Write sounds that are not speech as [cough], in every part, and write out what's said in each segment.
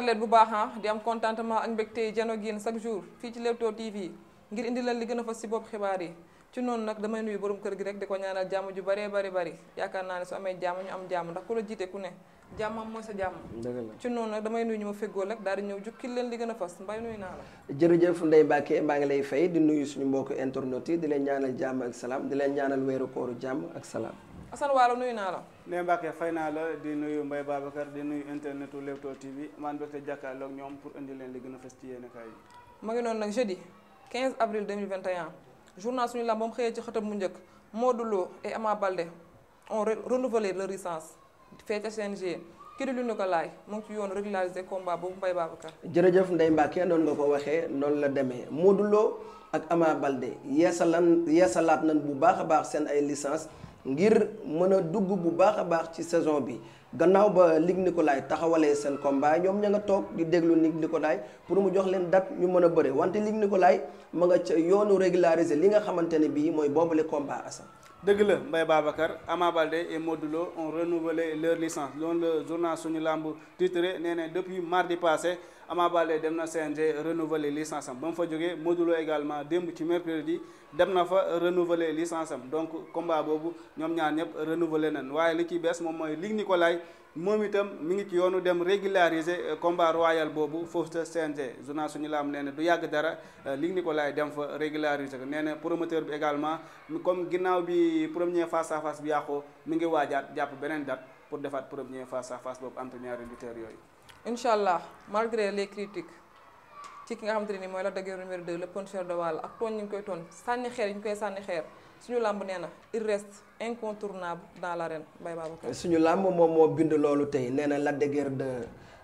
ziar leen bu baax ah, di am contentement ak mbégte jano ak yéen chaque jour fii ci Leewtoo TV ngir indi leen li gën a fas si bopp xibaar yi ci noonu nag damay nuyu borom kër gi rek di ko ñaanal jàmm ju baree bari bari yaakaar naa ne su amee jàmm ñu am jàmm ndax ku la jiite ku ne jàmmam mooy sa jàmm ci noonu nag damay nuyu ñu ma féggoo rek daal di ñëw jukkil leen li gën a fas mbay nuyu naa la jërëjëf Ndeye Mbacke maa ngi lay fay di nuyu suñu mbokk internet yi di leen ñaanal jàmm ak salaam di leen ñaanal weeru kooru jàmm ak salaam Assane Waalo nuyu naa la. nee Mbacke fay naa la di nuyu Mbaye Babacar di nuyu internetu Leewtoo TV man bëgg te jàkkaarloog ñoom pour indi leen li gën a fës ci yéen kaay yi. ma ngi noonu nag jeudi 15 avril 2021 journal suñu lamb ba mu xëyee ci xëtam mu njëkk Modou Lo et Ama Baldé ont renouvelé leur licence fee ca CNG. kii ko laay mu ngi ci yoon régulariser combat boobu Mbaye Babacar. jërëjëf Ndeye Mbacke noonu nga ko waxee noonu la demee Modou Lo ak Ama Baldé yeesalaat yeesalaat nañ bu baax a baax seen ay lissance ngir mën a dugg bu baax a baax ci saison bi gannaaw ba Luc Nicolaï taxawalee seen combat ñoom ña nga toog di déglu Luc Nicolaï pour mu jox leen dat ñu mën a bëre wante Luc Nicolaï ma nga ca yoonu régulariser li nga xamante ne bii mooy boobule combat Assane dëgg la mbay Babacar Ama Baldé et Modou Lo ont renouvelé leur licence loolu journal suñu lamb titré nee na depuis mardi passé Ama Baldé dem na CNG renouveler licence am ba mu fa jógee Modou Lo également démb ci mercredi dem na fa renouveler licence am donc combat boobu ñoom ñaar ñëpp renouveler nañ waaye li ci bees moom mooy Luc Nicolaï moom itam mu ngi ci yoonu dem régulariser euh, combat royal boobu foofu sa CNG journal suñu laam nee na du yàgg dara euh, Luc Nicolaï dem fa régulariser ko nee na promoteur bi également comme ginnaaw bi premier face à face bi yàqoo mi ngi waajaat jàpp beneen date pour defaat premier face à face boobu entre ñaari lutteurs yooyu. incha allah malgré les critiques ci ki nga xamante ne nii mooy la dëgër numéro 2 le puncheur de Walo ak tooñ ñu ngi koy tooñ sànni xeer ñu koy sànni xeer. suñu làmb nee na il reste incontournable dans l'arène Mbaye Babacar suñu làmb moom moo bind loolu tey nee na Lac de Guiers 2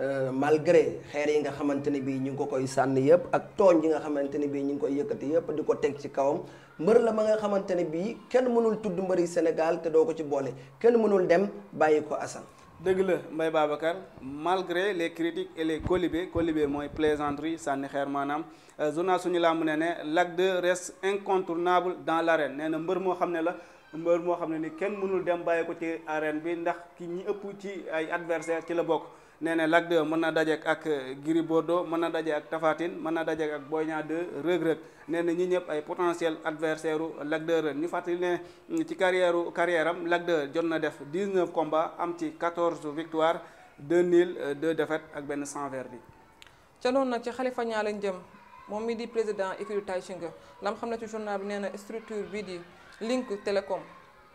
euh, malgré xeer yi nga xamante ni bii ñu ngi ko koy sànni yëpp ak tooñ yi nga xamante ni bii ñu ngi koy yëkkati yëpp di ko teg ci kawam mbër la ma nga xamante ni bii kenn mënul tudd mbëri Sénégal te doo ko ci boole kenn mënul dem bàyyi ko Assane dëgg la Mbaye Babacar malgré les critiques et les colibés colibé mooy plaisanterie sànni xeer maanaam euh, journal suñu laa làmb ne ne Lac 2 reste incontournable dans l'arène nee na mbër moo xam ne la mbër moo xam ne ni kenn mënul dem bàyyi ko ci arène bi ndax ki ñi ëpp ci ay adversaire ci la bokk nee na Lac mën na dajeek ak Gris Bordeaux mën na daje ak Tapha Tine mën na dajeek ak Boy Niang 2 Reug Reug na ñi ñëpp ay potentiel adversaire u Lac 2 ren ñu fàttali ne ci carrière carrière am Lac 2 jot na def 19 combats am ci 14 victoires 2 nuls 2 défaites ak benn sans verdict ca noonu nag ci Khalifa Niang lañ jëm moom mi di président écurie Taïchinga lam xam ne ci journal bi nee na structure bii di Link Télécom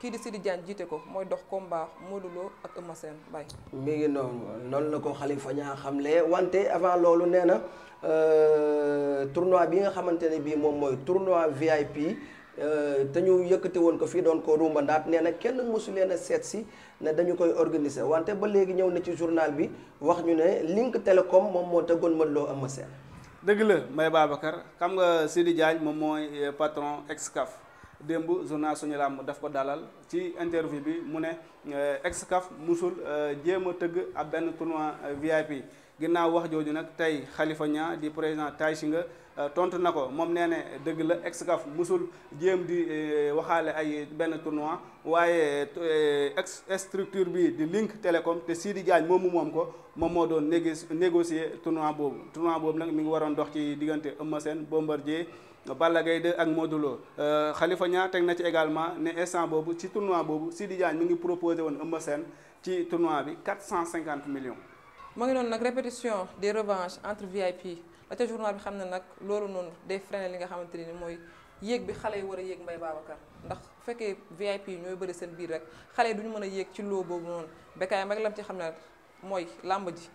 kii di Sidi jaan jiite ko mooy dox combat Modou Lo ak Eumeu Sène Baye. mi ngi noonu noonu na ko xalifa ñaa xamle wante avant loolu nee na euh, tournoi bi nga xamante ne bii moom mooy tournoi VIP. Euh, te ñu yëkkate woon ko fii doon ko rumba ndaat nee na kenn mosu leen a seet si ne dañu koy organiser wante ba léegi ñëw na ci journal bi wax ñu ne Link Télécom moom moo tëggoon Modou Lo Eumeu Sène dëgg la Mbaye Babacar xam nga Sidi Diagne moom mooy euh, patron Excaf démb journal suñu làmb daf ko dalal ci interview bi mu ne euh, ex-CAF musul euh, jéem a tëgg ab benn tournoi euh, VIP. ginnaaw wax jooju nag tey xalifa Niang di président Tay Shinga euh, tontu na ko moom nee ne dëgg la ex Excaf mosul jéem di euh, waxaale ay benn tournoi waaye euh, ex structure bi di Link Télécom te Sidi Diagne moomu moom ko moom moo doon négoci négocier tournoi boobu tournoi boobu nag mu ngi waroon dox ci diggante Eumeu Sène Bombardier Balla Gaye de ak Modou Lo Khalifa Niang teg na ci également ne instant boobu ci tournoi boobu di Diagne mu ngi proposé woon Eumeu Sène ci tournoi bi 450 millions mu ngi noonu nag répétition des revanches entre VIP la ca journal bi xam ne nag loolu noonu day freiné li nga xamante ni mooy yéeg bi xale yi war a yéeg mbay Babacar ndax bu fekkee VIP ñooy bëri seen biir rek xale yi duñu mën a yéeg ci loo boobu noonu Bécaye mag lam ci xam ne mooy làmb ji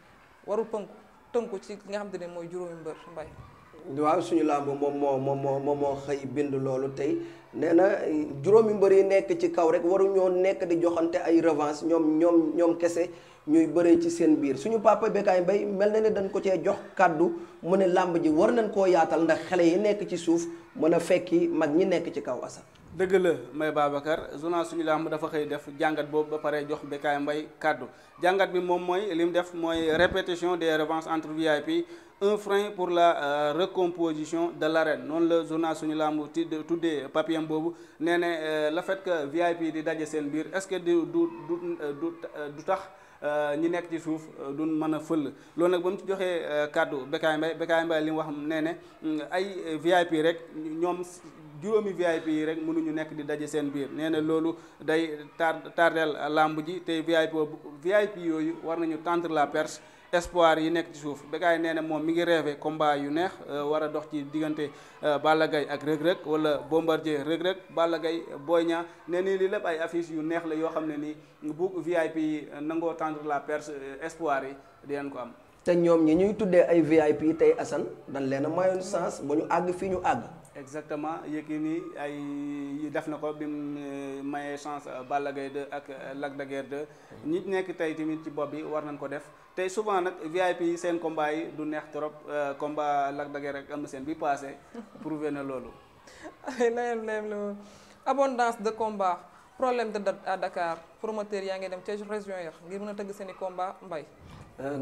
warul pënku tënku ci nga xamante ne mooy juróomi mbër mbay waaw suñu làmb moom moo moo moom xëy bind loolu tey nee na eh, juróomi mbër yi nekk ci kaw rek waruñoo nekk di joxante ay revanche ñoom ñoom ñoom kese ñuy bëree ci seen biir suñu papa Bécaye mbay mel na ne dañ ko cee jox kàddu mu ne làmb ji war nañ koo yaatal ndax xale yi nekk ci suuf mën a fekki mag ñi nekk ci kaw asa dëgg la Mbaye Babacar journal suñu làmb dafa xëy def jàngat boobu ba pare jox Bécaye mbay kàddu jàngat bi moom mooy li mu def mooy répétition des revanches entre VIP un frein pour la euh, recomposition de la l'arène noonu la journal suñu làmb ti tuddee papier boobu nee ne euh, le fait que VIP di daje seen biir est-ce que du du du euh, du tax Euh, ñi nekk ci suuf euh, duñ mën a fël loolu nag ba mu ci joxee euh, kàddu Bécaye Mbaye Bécaye Mbaye li wax nee ne mm, ay VIP rek ñoom juróomi VIP yi rek mënuñu nekk di daje seen biir nee na loolu day tar tardeel làmb ji te VIP VIP yooyu war nañu tentre la perse espoir yi nekk ci suuf Bécaye nee na moom mi ngi rêvé combat yu neex euh, war a dox ci diggante euh, Balla Gaye ak Reug Reug wala Bombardier Reug Reug Balla gay Boy Niang nee nii lii lépp ay affiches yu neex la yoo xam ne nii bu VIP yi nangoo tendre la perche euh, espoir yi leen ko am. te ñoom ñi ñuy tuddee ay VIP tey Assane dañ leen a mayoon sens ba ñu àgg fii ñu àgg. exactement Yékini ay def na ko bi mu euh, mayee chance euh, Balla Gaye 2 ak euh, Lac de Guiers 2 ñi mm-hmm. nekk tey tamit ci bopp bi war nañ ko def tey souvent nag VIP yi seen combat yi du neex trop combat Lac de Guiers ak Eumeu Sène bi passé [laughs] na loolu layem layem la abondance de combat problème de date à Dakar promoteur yaa ngi dem ca région ya ngir mën a tëgg seen i combat mbay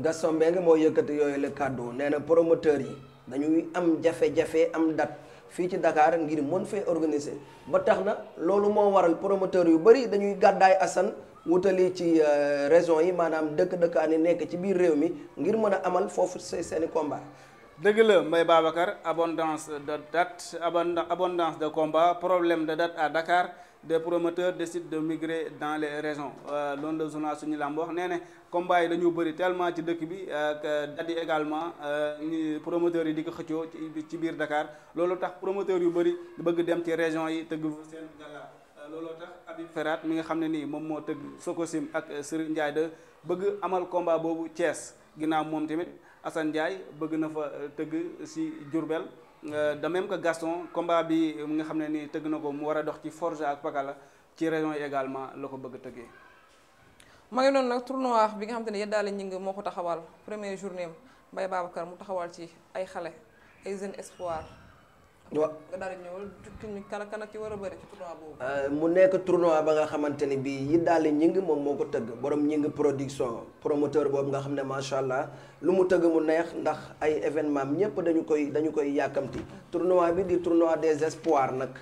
Gaston Mbengue moo yëkkati yooyu la kàddu nee na promoteur yi dañuy am jafe-jafe am date fii ci Dakar ngir mën fee organiser ba tax na loolu moo waral promoteur yu bëri dañuy gàddaay Assane wutali ci euh, régions yi maanaam dëkk-dëkkaan yi nekk ci biir réew mi ngir mën a amal foofu seeni combat dëgg la Mbaye Babacar abondance de date abondance de combat problème de date à Dakar des promoteurs décident de migrer dans les régions euh, loolu la journal suñu làmb wax nee ne combat yi dañu bëri tellement ci dëkk bi euh, dadi également euh, promoteurs yi di ko xëccoo ci biir dakaar loolu tax promoteurs yu bëri bëgg dem ci région yi tëgg seen gala looloo tax Habib Ferrat mi nga xam ne nii moom moo tëgg Sokosim ak Serigne Ndiaye de bëgg amal combat boobu Thiès ginnaaw moom tamit Assane Ndiaye bëgg na fa euh, tëgg si Diourbel euh, de même que Gaston combat bi mu nga xam ne ni tëgg na ko mu war a dox ci Forja ak Pakala ci région yi également la ko bëgg tëggee. ma ngi noonu nag tournoi bi nga xam te ne Yeddaale Gningue moo ko taxawal première journée am Mbaye mu taxawal ci ay xale ay jeunes espoir waaw nga daal di ñëwal tuuti kan kan ci war a bëri ci euh, mu nekk tournoi ba nga xamante ni bii yi daal di ñing moom moo ko tëgg borom ñing production promoteur boobu nga xam ne macha allah lu mu tëgg mu neex ndax ay événement ñëpp dañu koy dañu koy yàkkamti. tournoi bi di tournoi des espoirs nag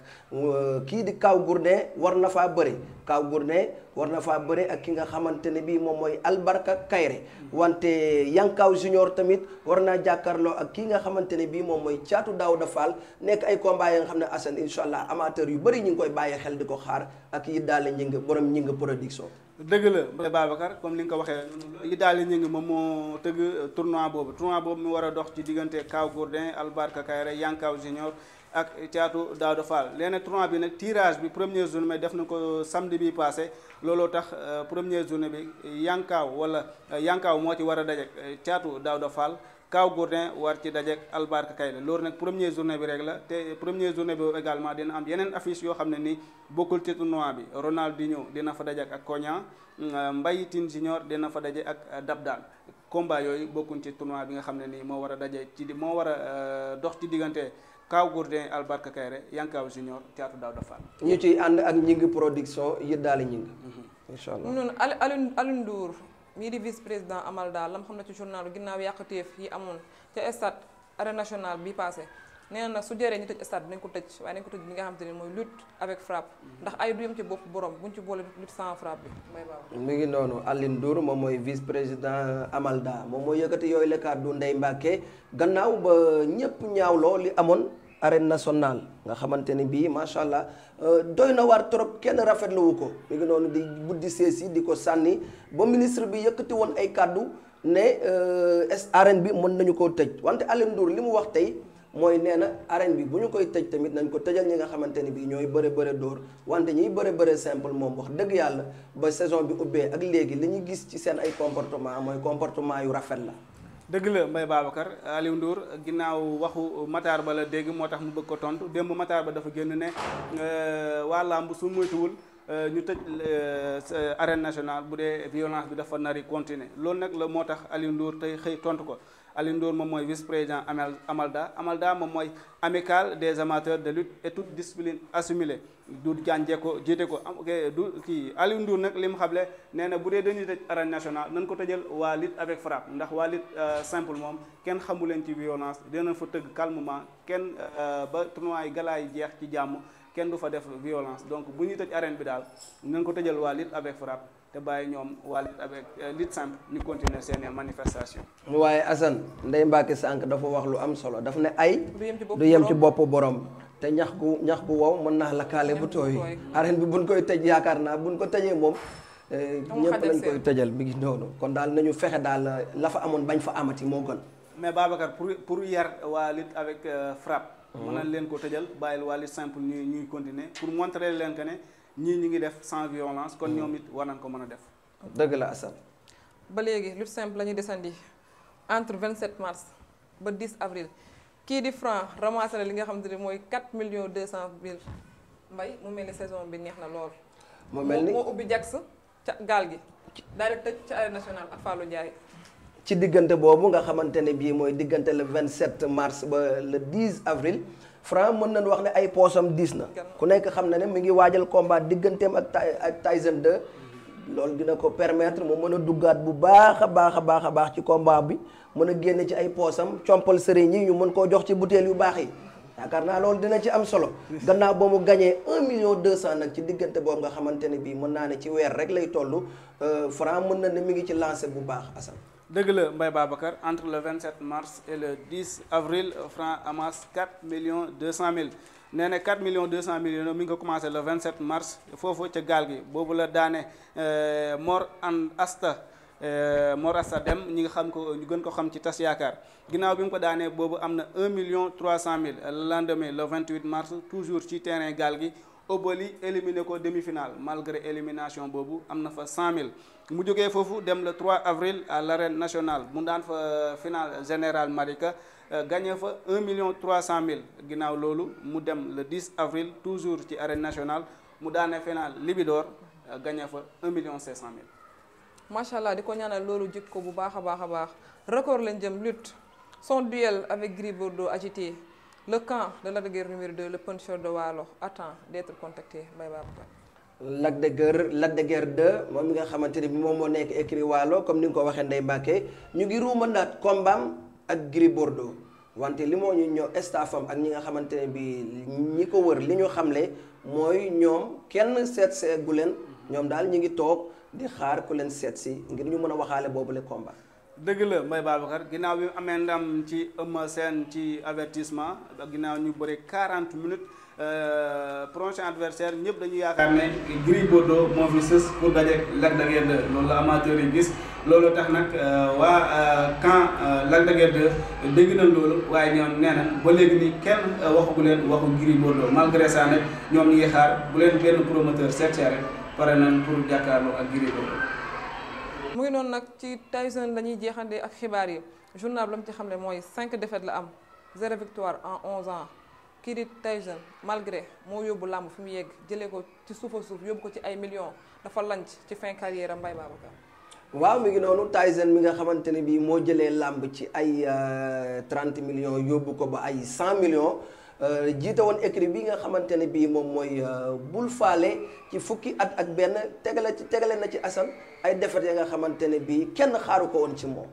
kii di Kaw Gourdin war na faa bëri Kaw Gourdin. war na faa bëre ak ki nga xamante ne bii moom mooy albarka kayre wante yankaaw junior tamit war naa jàkkaarloo ak kii nga xamante ne bii moom mooy caatu Daouda Fall nekk ay combat yi nga xam ne Assane incha allah amateur yu bëri ñu ngi koy bàyyi xel di ko xaar ak yi daal ñi nga borom ñi nga production dëgg la Mbaye Babacar comme ni nga ko waxee li daal li ñu ngi moom moo tëgg tournoi boobu tournoi boobu mu war a dox ci diggante Kaw Gourdin Albarka Kayre Yankaw Junior ak Thiatou Daouda Fall léegi tournoi bi ne tirage bi première journée may def na ko samedi bi passé looloo tax euh, première journée bi Yankaw wala euh, Yankaw moo ci war a daje euh, Thiatou Daouda Fall Kaw Gourdin war ci dajeek Albarka Kayle loolu nag première journée bi rek la te première journée boobu également dina am yeneen affiche yoo xam ne ni bokkul ci tournoi bi Ronaldinho dina fa daje ak Koña mm, Mbaye Tine Junior dina fa daje ak Dabdal combat yooyu bokkul ci tournoi bi nga xam ne ni moo war a daje ci moo war a euh, dox ci diggante Kaw Gourdin Albarka Kayle Yankaw Junior Thiatou Daouda Fall. ñu ciy ànd ak ñi ngi production yëddaale ñi ngi. incha allah noonu Alioune Alioune Ndour mii di vice président amal daal lam xam ne ci journal ginnaaw yàqteef yi amoon ca stade arène nationale bi passé nee na nag su jëree ñu tëj stade bi nañ ko tëj waaye nañ ko tëj bi nga xam te ne mooy lutte avec frappe ndax ay du yem ci bopp borom buñ ci boole lutte sans frappe bi may baax mi ngi noonu Aline Ndour moom mooy vice président amalda moom mooy yëkkati yooyu la kàddu Ndeye Mbacke gannaaw ba ñëpp ñaawloo li amoon arène nationale nga xamante ni bii macha allah euh, doy na waar trop kenn rafetlu wu ko mi ngi noonu di buddi sees di ko sànni ba ministre bi yëkkati woon ay kàddu ne euh, arène bi mën nañu koo tëj wante Alioune Ndour li mu wax tey mooy nee na arène bi bu ñu koy tëj tamit nañ ko tëjal ñi nga xamante ni bii ñooy bëre bëre dóor wante ñiy bëre bëre simple moom wax dëgg yàlla ba saison bi ubbee ak léegi li ñu gis ci seen ay comportement mooy comportement yu rafet la. dëgg la Mbaye Babacar Aliou ginnaaw waxu Matar Ba la dégg moo tax mu bëgg ko tontu démb Matar Ba dafa génn ne euh, waa làmb su moytuwul euh, ñu tëj euh, arène nationale bu dee violence bi dafa nari continuer loolu nag la moo tax Aliou tey xëy tontu ko Alioune Ndour moom mooy vice président amal amalda amalda moom mooy amicale des amateurs de lutte et toute discipline assimilée Doudou Diagne ko jiite ko am du kii alindur Ndour nag li mu xamle nee na bu dee dañuy tëj arène nationale nañ ko tëjal waa lutte avec frappe ndax waa lutte euh, simple moom kenn xamu leen ci violence dinañ fa tëgg calmement kenn euh, ba tournoi yi gala yi jeex ci jàmm kenn du fa def violence donc bu ñuy tëj arène bi daal nañ ko tëjal waa lutte avec frappe te bàyyi ñoom wàllu avec lutte euh, simple ñu continuer seeni manifestation waaye Assane ndey Mbacke sànq dafa wax lu am solo dafa ne ay du yem ci bopp borom te ñax gu ñax gu wow mën naa lakkaale bu tooy arène bi buñ koy tëj yaakaar naa buñ ko tëjee moom euh, ñëpp lañ koy tëjal bi ngi noonu kon daal nañu fexe daal euh, la fa amoon bañ fa amati moo gën mais Babacar pour pour yar waa lutte avec frappe mhm. mën na leen ko tëjal bàyyil waa lutte simple ñuy ñuy continuer pour montrer leen que ne ñii ñu ngi def sans violence kon mm. ñoom it war nañ ko mën a def. dëgg la Assane. ba léegi lutte simple la ñuy desandi entre vingt 27 mars ba 10 avril kii di franc ramassé na li nga xam te ne mooy 4 millions 200 mille mbay mu mel ni saison bi neex na lool. mu mel ni moo ubbi jags ca gaal gi daal di tëj ca arène nationale ak Fallou Ndiaye. ci diggante boobu nga xamante ne bii mooy diggante le 27 mars ba le 10 avril. Franc mën nañu wax ne ay poosam diis na ku nekk xam na ne mu ngi waajal combat digganteem ak ak Tyson de loolu dina ko permettre mu mën a duggaat bu baax a baax a baax a baax ci combat bi mën a génn ci ay poosam compal sëriñ yi ñu mën koo jox ci butéel yu baax yi yaakaar naa loolu dina ci am solo gannaaw ba mu gañee un million deux cent nag ci diggante boobu nga xamante ne bii mën naa ne ci weer rek lay toll euh, Franc mën na ne mi ngi ci lancé bu baax Assane dëgg la Mbaye Babacar entre le 27 mars et le 10 avril Franc amasse 4 millions 200 mille nee na 4 millions 200 mille yooyu mi ngi ko commencé le 27 mars foofu ca gaal gi boobu la daane euh, Mor and Asta euh, Mor Asta Dem ñi nga xam ko ñu gën ko xam ci tas yaakaar ginnaaw bi mu ko daanee boobu am na 1 million 300 mille le lendemain le 28 mars toujours ci terrain gaal gi. Obali éliminé ko demi final malgré élimination boobu am na fa 100000 mu jógee foofu dem la 3 avril à l'arène nationale mu daan fa euh, finale général Malika euh, gagné fa 1 million 300 mille ginnaaw loolu mu dem le dix avril toujours ci arène nationale mu daane finale Libidor euh, gagné fa 1 million 500 mille. macha allah di ko ñaanal loolu ko bu baax a baax a baax record lañ jëm lutte son duel avec Gris Bordeaux agité. Le camp de la de Guiers numéro 2, le puncher de Waalo attend d'être contacté Mbaye Babacar. Lac de Guiers Lac de moom mi nga xamante ni bi moom moo nekk écrit Waalo comme ni nga ko waxee Ndeye Mbacke ñu ngi ruumandaat kombam ak Gris Bordeaux wante li moo ñu ñëw staffam ak ñi nga xamante ne bi ñi ko wër li ñu xamle mooy ñoom kenn seet seegu leen ñoom daal ñu ngi toog di xaar ku leen seet si ngir ñu mën a waxaale boobu boobule combat. dégg la Mbaye Babacar ginnaaw bi amee ndam ci Eumeu Sène ci avertissement ginnaaw ñu bëre 40 minutes euh, prochain adversaire ñëpp dañu yaakaar ne Gris Bordeaux moo fi sës pour dajeek Lac de Guiers 2 loolu amateur yi gis loolu tax nag euh, waa euh, camp Lac de Guiers 2 dégg nañ loolu waaye ñoom nee ba léegi nii kenn waxu leen waxu Gris Bordeaux malgré ça nag ñoom ñu ngi xaar bu leen benn promoteur seet rek pare nañ pour jàkkaarloo ak Gris Bordeaux mu ngi noonu nag ci Tyson lañuy ñuy jeexandee ak xibaar yi journal bi la mu ci xam ne mooy cinq défaites la am 0 victoire en 11 ans kii di Tyson malgré moo yóbbu làmb fu mu yegg jëlee ko ci suufa suuf yóbbu ko ci ay millions dafa lanc ci fin carrière am Mbaye Babacar. waaw mi ngi noonu Tyson mi nga xamante ne bii moo jëlee làmb ci ay euh, trente millions yóbbu ko ba ay 100 Euh, jiite woon écrit bi nga xamante ne bii moom mooy euh, bul faale ci fukki at ak benn tegale ci tegale na ci Assane ay defar ya nga xamante ne bii kenn xaaru ko woon ci moom.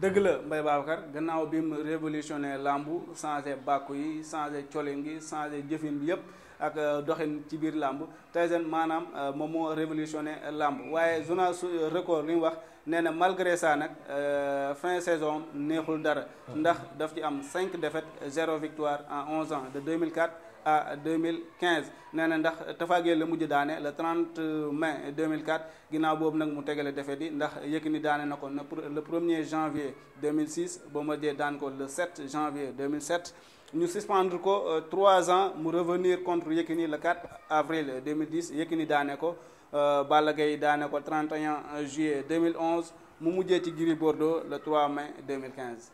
dëgg la Mbaye Babacar gannaaw bi mu révolutionné làmbu changé bàkku yi changé colin gi changé jëfin bi yëpp. ak euh, doxin ci biir làmb Tyson maanaam moom moo révolutionné làmb waaye journal record li wax nee na malgré ça nag euh, fin saison neexul dara ah. ndax daf ci am 5 défaites 0 victoire en 11 ans de 2004 à 2015 nee na ndax tafaageel la mujj daane le 30 mai 2004 ginnaaw boobu nag mu tegale défaite yi ndax Yékini daane na ko le 1er janvier 2006 Bombardier daan ko le 7 janvier 2007 ñu suspendre ko 3 euh, ans mu revenir contre Yékini le 4 avril 2010 ni daane ko Euh, Balla Gaye daane ko 31 juillet 2011 mu mujjee ci Gris Bordeaux le 3 mai 2015.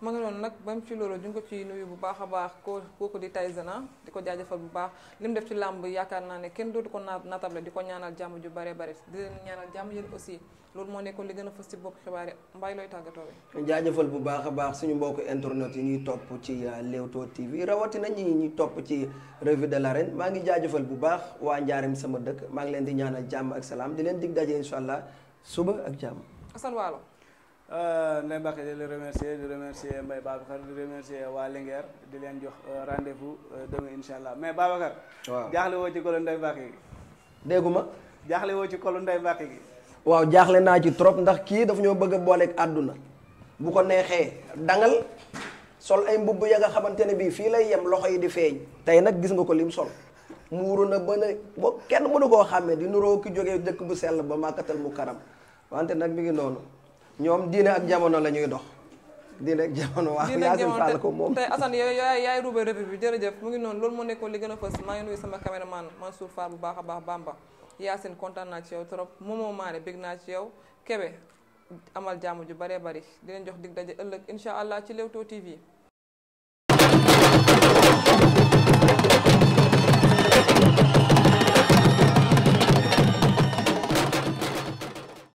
ma nga noonu nag bam ci loolu ñu ngi ko ci nuyu bu baax a baax koo kooku di Tyson ah, di ko jaajafal bu baax li mu def ci làmb yaakaar naa ne kenn dootu ko naa natable di ko ñaanal jàmm ju bare bare di leen ñaanal aussi loolu moo nekkoon li gën a fës ci bopp xibaar yi mbaay looy tàggatoo bi jaajëfal bu baax a baax suñu mbokk internet yi ñuy topp ci euh, Leewtoo TV rawatina ñi ñuy topp ci revue de la l'arène maa ngi jaajëfal bu baax waa njaarim sama dëkk maa ngi leen di ñaanal jàm ak salaam di leen dig daje incha suba ak jàmm waalo Ndeye euh, Mbacke di la remercier di remercier Mbaye Babacar di remercier waa Linguère di leen jox euh, rendez-vous euh, demain incha allah mais Babacar. waaw jaaxle woo ci kolo Ndeye Mbacke gi. dégguma. jaaxle woo ci kolo Ndeye Mbacke gi. waaw jaaxle naa ci trop ndax kii dafa ñoo bëgg a booleeg àdduna. bu ko neexee dangal sol ay mbubb ya nga xamante ne bii fii lay yem loxo yi di feeñ. tey nag gis nga ko lim sol. muuru na ba ne ba kenn mënu koo xàmmee di nuroo ki jógee jëkk bu sell ba màkkatal mu karam wante nag mi ngi noonu. ñoom diina ak jamono la ñuy dox. diine ak jamono waaw Yacine Fall ko moom tey Assane yaay yaay ruube revue bi jërëjëf mu ngi noonu loolu moo nekkoon li gën a fës maa ngi nuyu sama caméraman Mansour Fall bu baax a baax Bamba Yacine kontaan naa ci yow trop moomoo maane bég naa ci yow Kébé amal jàmm ju bëree bari di jox dig daje ëllëg incha allah ci Leewtoo TV.